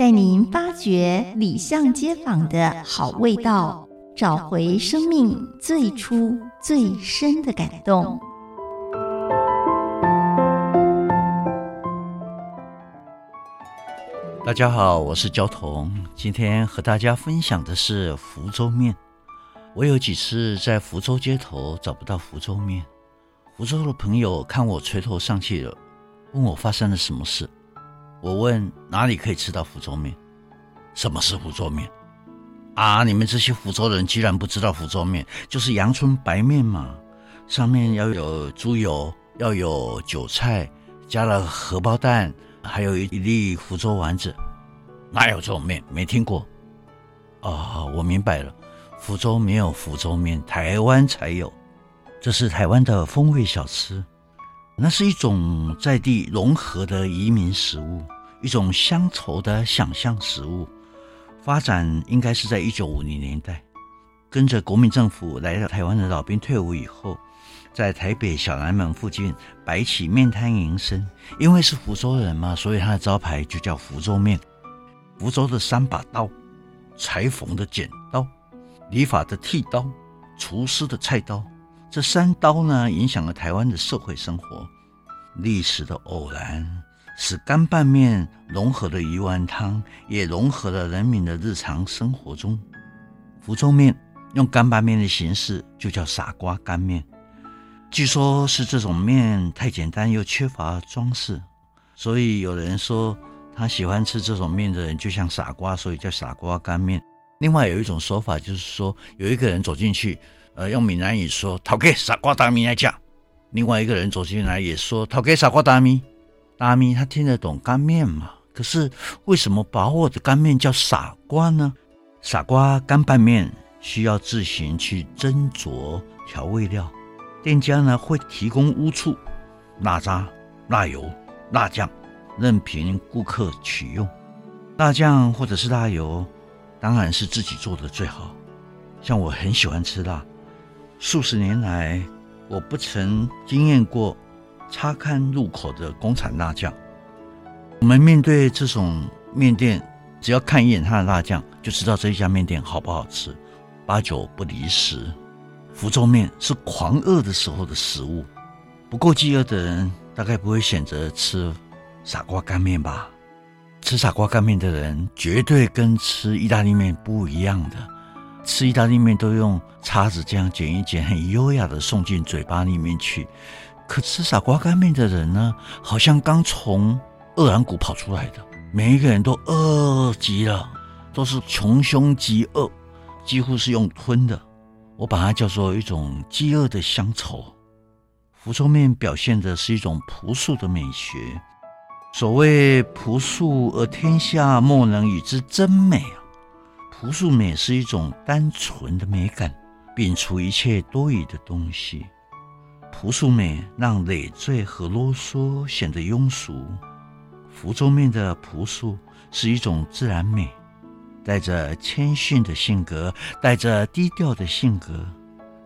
帶您發掘里巷街坊的好味道，找回生命最初最深的感動。大家好，我是焦桐，今天和大家分享的是福州麵。我有幾次在福州街頭找不到福州麵，福州的朋友看我垂頭喪氣的，問我發生了什麼事。我問哪裡可以吃到福州麵？什麼是福州麵？啊，你們這些福州人居然不知道福州麵，就是陽春白麵嘛，上面要有豬油，要有韭菜，加了荷包蛋，還有一粒福州丸子，哪有這種麵？沒聽過。啊、哦，我明白了，福州沒有福州麵，台灣才有，這是台灣的風味小吃。那是一種在地融合的移民食物，一種鄉愁的想象食物。發展應該是在一九五零年代，跟着國民政府來到台灣的老兵退伍以後，在台北小南門附近擺起麵攤營生。因為是福州人嘛，所以他的招牌就叫福州麵。福州的三把刀：裁縫的剪刀、理髮的剃刀、廚師的菜刀。這三刀呢，影響了台灣的社會生活。歷史的偶然，使乾拌麵融合了魚丸湯，也融合了人民的日常生活中。福州麵用乾拌麵的形式，就叫傻瓜乾麵。據說是這種麵太簡單又缺乏裝飾，所以有人說他喜歡吃這種麵的人就像傻瓜，所以叫傻瓜乾麵。另外有一種說法就是說，有一個人走進去。用閩南語說，陶給傻瓜大米來講。另外一個人走進來也說，陶給傻瓜大米。大、呃、米他聽得懂乾麵嘛？可是為什麼把我的乾麵叫傻瓜呢？傻瓜乾拌麵需要自行去斟酌調味料，店家呢，會提供烏醋、辣渣、辣油、辣醬，任憑顧客取用。辣醬或者是辣油，當然是自己做的最好。像我很喜歡吃辣。數十年來，我不曾經驗過差堪入口的工廠辣醬。我們面對這種面店，只要看一眼它的辣醬，就知道這一家麵店好不好吃，八九不離十。福州面是狂餓的時候的食物，不夠饑餓的人大概不會選擇吃傻瓜乾面吧？吃傻瓜乾面的人絕對跟吃意大利面不一樣的。吃意大利麵都用叉子這樣剪一剪，很優雅的送進嘴巴裡面去。可吃傻瓜乾麵的人呢，好像剛從餓狼谷跑出來的，每一個人都餓極了，都是窮凶極惡，幾乎是用吞的。我把它叫做一種飢餓的鄉愁。福州麵表現的是一種樸素的美學，所謂樸素而天下莫能與之爭美。樸素美是一種單純的美感，摒除一切多餘的東西。樸素美讓累贅和囉嗦顯得庸俗。福州面的樸素是一種自然美，帶着謙遜的性格，帶着低調的性格，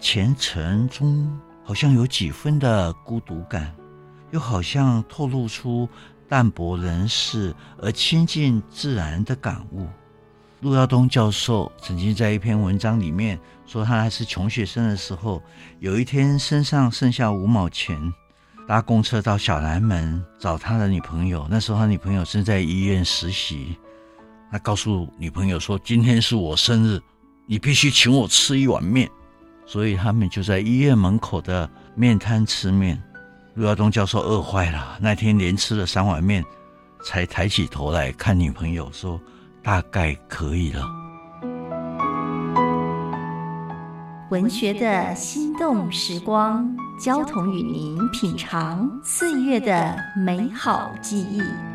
潛沈中好像有幾分的孤獨感，又好像透露出淡薄人事而親近自然的感悟。陸耀東教授曾經在一篇文章裡面說，他還是窮學生的時候，有一天身上剩下五毛錢，搭公車到小南門找他的女朋友。那時候他女朋友正在醫院實習，他告訴女朋友說：“今天是我生日，你必須請我吃一碗麵。”所以他們就在醫院門口的麵攤吃麵。陸耀東教授餓壞了，那天連吃了三碗麵，才抬起頭來看女朋友說。大概可以了。文學的心動時光，焦桐與您品嘗歲月的美好記憶。